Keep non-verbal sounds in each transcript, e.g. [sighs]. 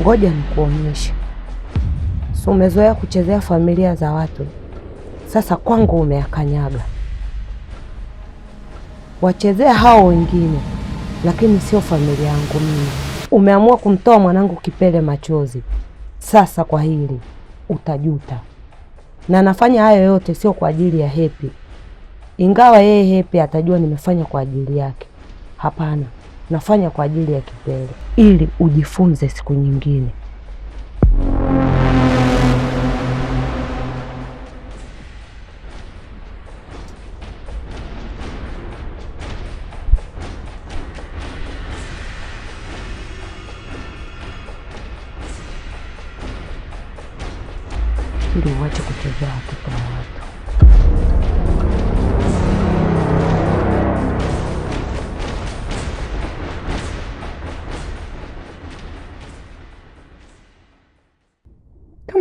Ngoja nikuonyeshe. Si umezoea kuchezea familia za watu, sasa kwangu umeakanyaga. Wachezea hao wengine, lakini sio familia yangu mimi. Umeamua kumtoa mwanangu kipele machozi, sasa kwa hili utajuta. Na nafanya hayo yote sio kwa ajili ya Hepi, ingawa yeye Hepi atajua nimefanya kwa ajili yake. Hapana nafanya kwa ajili ya kipele, ili ujifunze siku nyingine.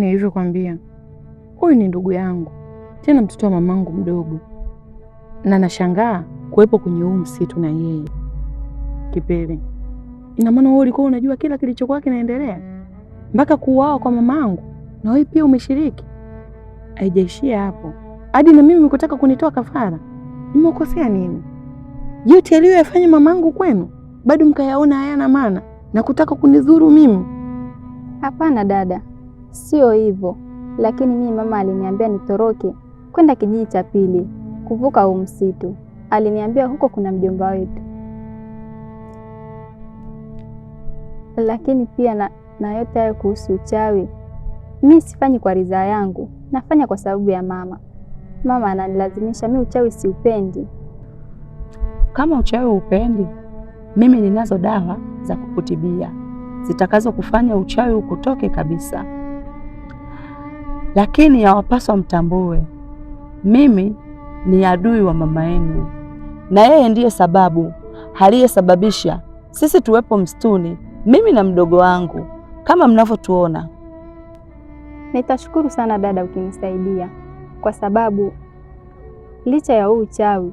nilivyokwambia, huyu ni ndugu yangu, tena mtoto wa mamangu mdogo, na nashangaa kuwepo kwenye huu msitu na yeye. Kipele, ina maana wewe ulikuwa unajua kila kilichokuwa kinaendelea mpaka kuuawa kwa mamangu, na wewe pia umeshiriki? Haijaishia hapo, hadi na mimi nikutaka kunitoa kafara. Nimekosea nini? Yote aliyoyafanya mamangu kwenu bado mkayaona hayana maana na kutaka kunidhuru mimi? Hapana dada, Sio hivyo, lakini mimi mama aliniambia nitoroke kwenda kijiji cha pili kuvuka huu msitu. Aliniambia huko kuna mjomba wetu, lakini pia na, na yote hayo kuhusu uchawi mi sifanyi kwa ridhaa yangu, nafanya kwa sababu ya mama. Mama ananilazimisha, mi uchawi siupendi. Kama uchawi upendi, mimi ninazo dawa za kukutibia zitakazo kufanya uchawi ukutoke kabisa lakini yawapaswa mtambue, mimi ni adui wa mama yenu, na yeye ndiye sababu aliyesababisha sisi tuwepo msituni, mimi na mdogo wangu kama mnavyotuona. Nitashukuru sana dada ukinisaidia, kwa sababu licha ya huu uchawi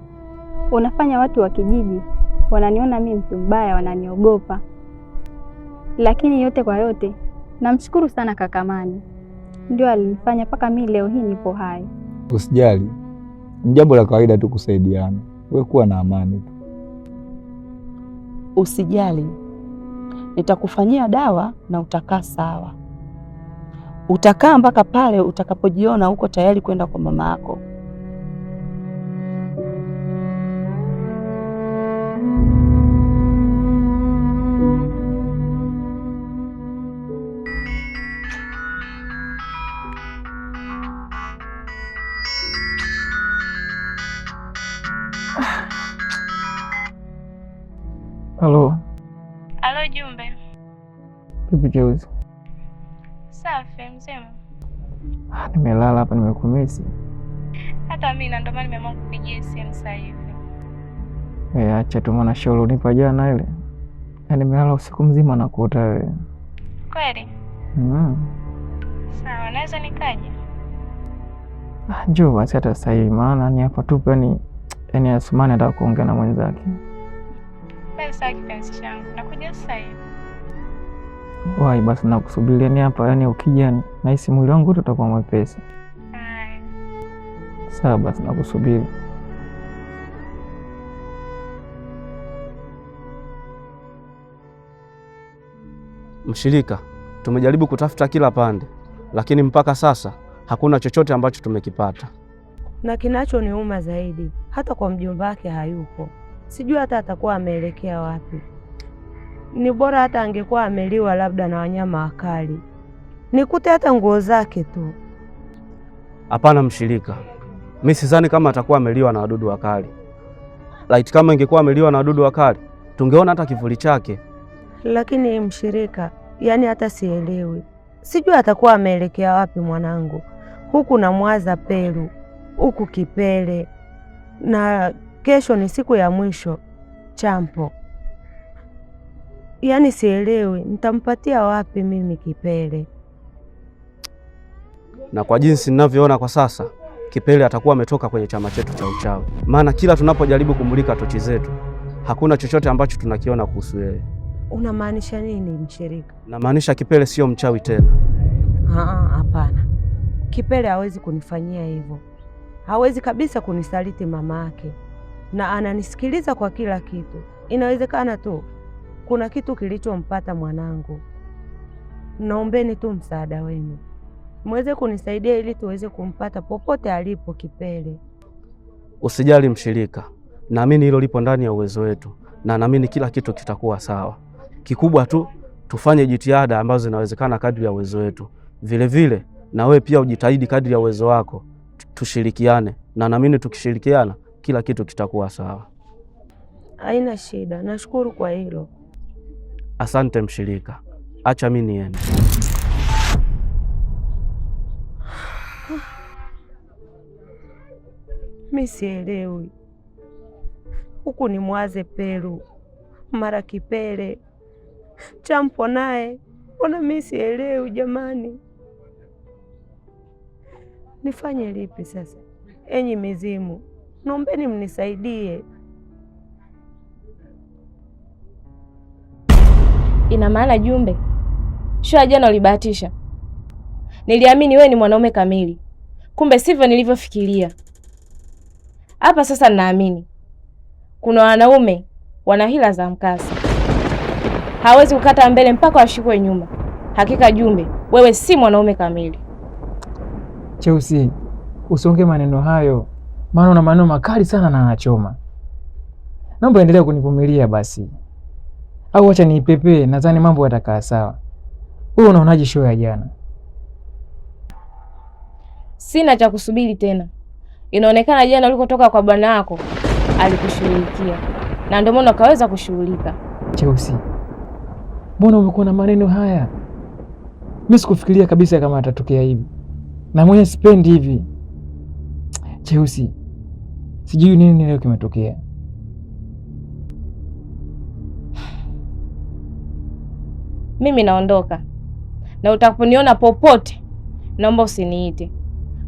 unafanya watu wa kijiji wananiona mimi mtu mbaya, wananiogopa. Lakini yote kwa yote, namshukuru sana Kakamani ndio alinifanya mpaka mimi leo hii nipo hai. Usijali, ni jambo la kawaida tu kusaidiana. We kuwa na amani tu. Usijali, nitakufanyia dawa na utakaa sawa. Utakaa mpaka pale utakapojiona uko tayari kwenda kwa mama yako. kucheuzi? Safi, mzima. Nimelala hapa nimekumisi. Hata mimi na ndio maana nimeamua kupigia simu sasa hivi. Eh, acha tu maana shoro unipa jana ile. Na nimelala usiku mzima na kuota wewe. Kweli? Mm. Sawa, naweza nikaje? Ah, njoo basi hata sasa hivi maana ni hapa tu yani yani Asmani anataka kuongea na mwenzake. Basi kipenzi changu. Nakuja sasa hivi. Wai basi, nakusubiria ni hapa yani, ukija nahisi mwili wangu wote utakuwa mwepesi. Sawa basi, nakusubiri. Mshirika, tumejaribu kutafuta kila pande, lakini mpaka sasa hakuna chochote ambacho tumekipata, na kinachoniuma zaidi, hata kwa mjomba wake hayupo. Sijui hata atakuwa ameelekea wapi. Ni bora hata angekuwa ameliwa labda na wanyama wakali, nikute hata nguo zake tu. Hapana mshirika, mi sidhani kama atakuwa ameliwa na wadudu wakali. Laiti kama ingekuwa ameliwa na wadudu wakali, tungeona hata kivuli chake. Lakini mshirika, yani hata sielewi, sijui atakuwa ameelekea wapi mwanangu. Huku na mwaza Peru, huku Kipele, na kesho ni siku ya mwisho champo yaani sielewi nitampatia wapi mimi Kipele, na kwa jinsi ninavyoona kwa sasa Kipele atakuwa ametoka kwenye chama chetu cha uchawi, maana kila tunapojaribu kumulika tochi zetu hakuna chochote ambacho tunakiona kuhusu yeye. Unamaanisha nini mshirika? Namaanisha Kipele sio mchawi tena. Ah, ah, hapana, Kipele hawezi kunifanyia hivyo, hawezi kabisa kunisaliti mama yake, na ananisikiliza kwa kila kitu. Inawezekana tu kuna kitu kilichompata mwanangu. Naombeni tu msaada wenu mweze kunisaidia ili tuweze kumpata popote alipo Kipele. Usijali mshirika, naamini hilo lipo ndani ya uwezo wetu, na naamini kila kitu kitakuwa sawa. Kikubwa tu tufanye jitihada ambazo zinawezekana kadri ya uwezo wetu. Vilevile na wewe pia ujitahidi kadri ya uwezo wako, tushirikiane, na naamini tukishirikiana kila kitu kitakuwa sawa. Haina shida, nashukuru kwa hilo. Asante mshirika, acha mi niende. [sighs] Mi sielewi, huku ni mwaze Peru mara kipele champo naye, mbona mi sielewi jamani, nifanye lipi sasa? Enyi mizimu, naombeni mnisaidie. Ina maana Jumbe, shoa jana ulibahatisha. Niliamini we ni mwanaume kamili, kumbe sivyo nilivyofikiria. Hapa sasa ninaamini kuna wanaume wana hila za mkasa, hawezi kukata mbele mpaka washikwe nyuma. Hakika Jumbe, wewe si mwanaume kamili. Cheusi, usonge maneno hayo, maana una maneno makali sana na anachoma. Naomba endelea kunivumilia basi au acha niipepee, nadhani mambo yatakaa sawa. Wewe unaonaje show ya jana? Sina cha kusubiri tena. Inaonekana jana ulikotoka kwa bwana wako alikushughulikia na ndio maana ukaweza kushughulika. Cheusi, mbona umekuwa na maneno haya? Mimi sikufikiria kabisa kama atatokea hivi, na mwenye sipendi hivi. Cheusi, sijui nini leo kimetokea mimi naondoka, na utakaponiona popote, naomba usiniite,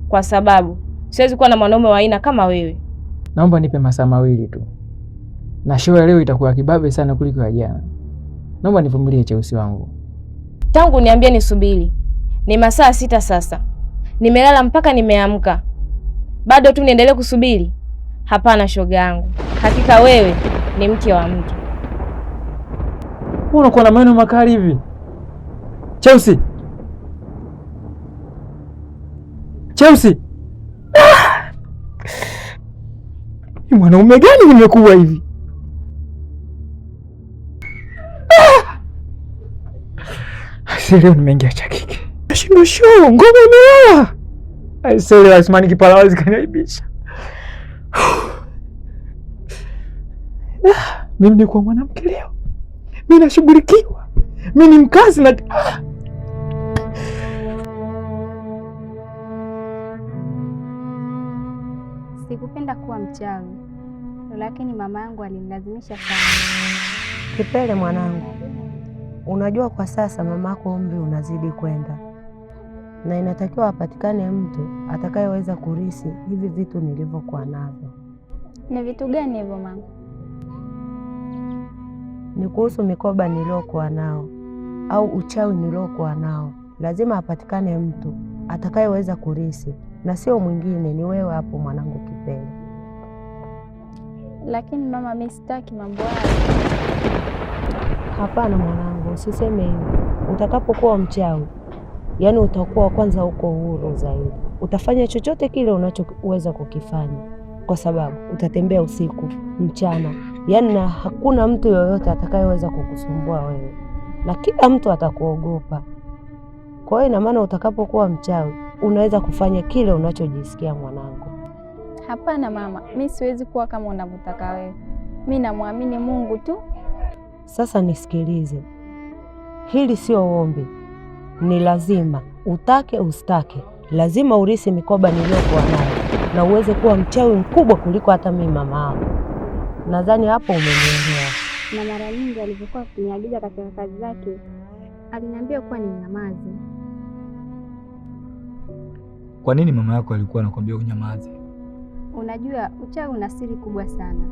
kwa sababu siwezi kuwa na mwanaume wa aina kama wewe. Naomba nipe masaa mawili tu, na show ya leo itakuwa kibabe sana kuliko ya jana. Naomba nivumilie, Cheusi wangu. Tangu niambie nisubiri, ni masaa sita sasa, nimelala mpaka nimeamka, bado tu niendelee kusubiri? Hapana shoga yangu, hakika wewe ni mke wa mtu. Unakuwa na maneno makali hivi. Cheusi, Cheusi, ah! Ni mwanaume gani nimekuwa hivi? Aise, leo nimeingia cha kike, nashindo show ngoma imelala. Aise, leo Asmani kipalawazi kaniaibisha. Mimi ni kwa mwanamke leo, mi nashughulikiwa, mi ni mkazi na ah! lakini mama yangu alinilazimisha sana. Kipele mwanangu, unajua kwa sasa mamako umri unazidi kwenda, na inatakiwa apatikane mtu atakayeweza kurisi hivi vitu nilivyokuwa navyo. Ni vitu gani hivyo mama? Ni kuhusu mikoba niliokuwa nao au uchawi niliokuwa nao. Lazima apatikane mtu atakayeweza kurisi, na sio mwingine, ni wewe hapo mwanangu Kipele. Lakini mama, mi sitaki mambo hayo. Hapana mwanangu, usiseme hivyo. Utakapokuwa mchawi, yaani utakuwa kwanza uko huru zaidi, utafanya chochote kile unachoweza kukifanya, kwa sababu utatembea usiku, mchana, yaani na hakuna mtu yoyote atakayeweza kukusumbua wewe, na kila mtu atakuogopa. Kwa hiyo ina maana utakapokuwa mchawi unaweza kufanya kile unachojisikia mwanangu. Hapana mama, mi siwezi kuwa kama unavyotaka wewe. Mi namwamini Mungu tu. Sasa nisikilize, hili sio ombi, ni lazima. Utake ustake, lazima urisi mikoba niliyokuwa nayo na uweze kuwa mchawi mkubwa kuliko hata mi mama yako. Nadhani hapo umenielewa. Na mara nyingi alivyokuwa akiniagiza katika kazi zake aliniambia kuwa nyamazi. Kwa nini mama yako alikuwa anakwambia unyamaze? Unajua uchawi una siri kubwa sana,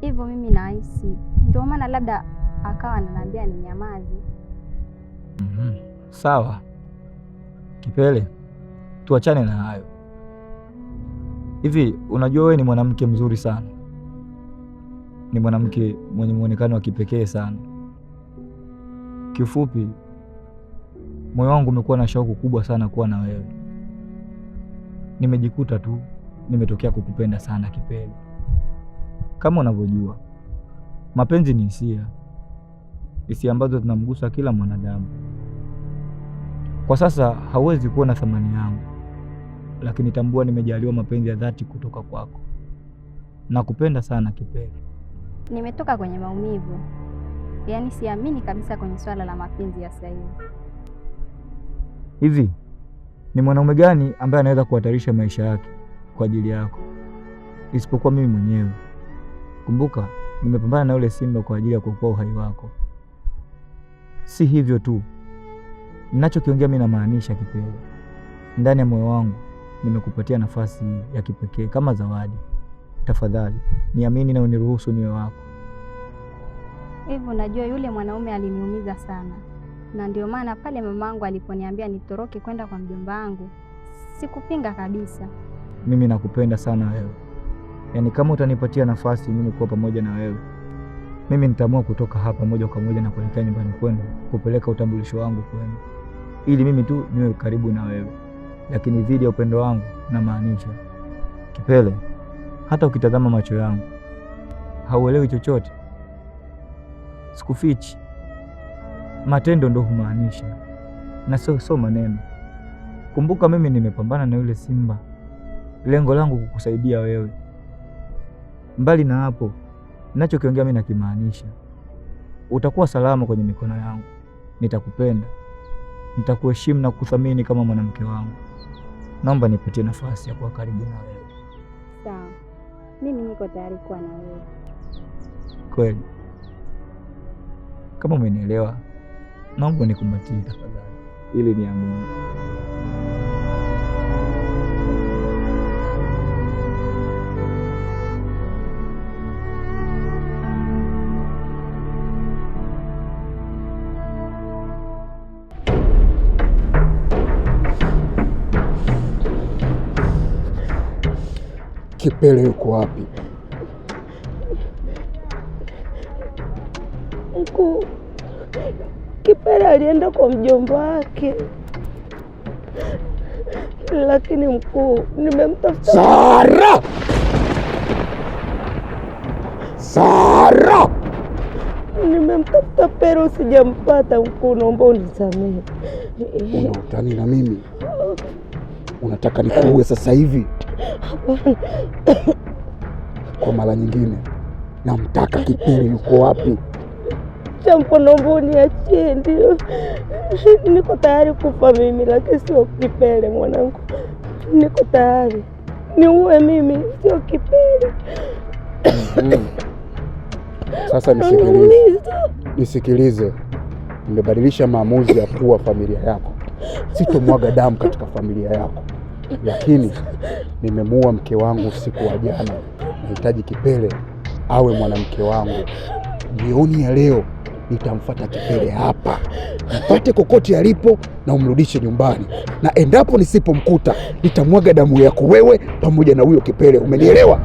hivyo mimi nahisi ndio maana labda akawa ananiambia ni nyamazi. mm -hmm. Sawa Kipele, tuachane na hayo. Hivi unajua wewe ni mwanamke mzuri sana, ni mwanamke mwenye muonekano wa kipekee sana. Kifupi, moyo wangu umekuwa na shauku kubwa sana kuwa na wewe, nimejikuta tu nimetokea kukupenda sana Kipele. Kama unavyojua, mapenzi ni hisia, hisia ambazo zinamgusa kila mwanadamu. Kwa sasa hauwezi kuona thamani yangu, lakini tambua nimejaliwa mapenzi ya dhati kutoka kwako. Nakupenda sana Kipele. Nimetoka kwenye maumivu, yaani siamini kabisa kwenye swala la mapenzi ya sahihi. Hivi ni mwanaume gani ambaye anaweza kuhatarisha maisha yake kwa ajili yako isipokuwa mimi mwenyewe. Kumbuka nimepambana na yule simba kwa ajili ya kuokoa uhai wako. Si hivyo tu, ninachokiongea mimi namaanisha kipele. Ndani ya moyo wangu nimekupatia nafasi ya kipekee kama zawadi. Tafadhali niamini na uniruhusu niwe wako. Hivyo najua yule mwanaume aliniumiza sana, na ndio maana pale mamangu aliponiambia nitoroke kwenda kwa mjomba wangu sikupinga kabisa mimi nakupenda sana wewe, yaani kama utanipatia nafasi mimi kuwa pamoja na wewe, mimi nitaamua kutoka hapa moja kwa moja na kuelekea nyumbani kwenu kupeleka utambulisho wangu kwenu, ili mimi tu niwe karibu na wewe, lakini dhidi ya upendo wangu namaanisha. Kipele, hata ukitazama macho yangu hauelewi chochote, sikufichi. Matendo ndo humaanisha na sio so maneno. Kumbuka mimi nimepambana na yule simba lengo langu kukusaidia wewe. Mbali na hapo, ninachokiongea mimi nakimaanisha. Utakuwa salama kwenye mikono yangu, nitakupenda, nitakuheshimu na kukuthamini kama mwanamke wangu. Naomba nipatie nafasi ya kuwa karibu na wewe. Sawa, mimi niko tayari kuwa na wewe. Kweli? Kama umenielewa, naomba nikumbatie tafadhali, ili niamini. Kipele yuko wapi? Mkuu, Kipele alienda kwa mjomba wake, lakini mkuu, nimemtafuta Sara. Sara, nimemtafuta Pero sijampata. Mkuu, naomba unisamehe. Una utani na mimi? Unataka nikuue sasa hivi? [coughs] Kwa mara nyingine namtaka Kipini, Yuko wapi? Champo, naomba uniachie. Ndio, niko tayari kufa mimi, lakini sio Kipele mwanangu. Niko tayari niue mimi, sio Kipele. [coughs] Sasa nisikilize, nisikilize. Nimebadilisha maamuzi ya kuwa familia yako, sitomwaga damu katika familia yako lakini nimemuua mke wangu usiku wa jana. Nahitaji Kipele awe mwanamke wangu. Jioni ya leo nitamfuata Kipele hapa, mpate kokote alipo na umrudishe nyumbani, na endapo nisipomkuta nitamwaga damu yako wewe pamoja na huyo Kipele. Umenielewa?